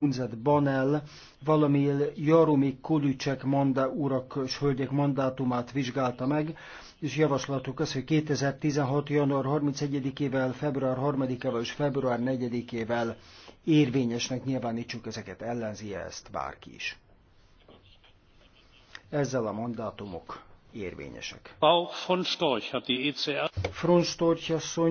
Unzet Banel, valamil Jaromi Kulücsek manda, urak és hölgyek mandátumát vizsgálta meg, és javaslatuk az, hogy 2016. január 31-ével, február 3-ával és február 4-ével érvényesnek nyilvánítsuk ezeket, ellenzi -e ezt bárki is. Ezzel a mandátumok érvényesek. Frau von Storch hat die ECR. Frau Storch asszony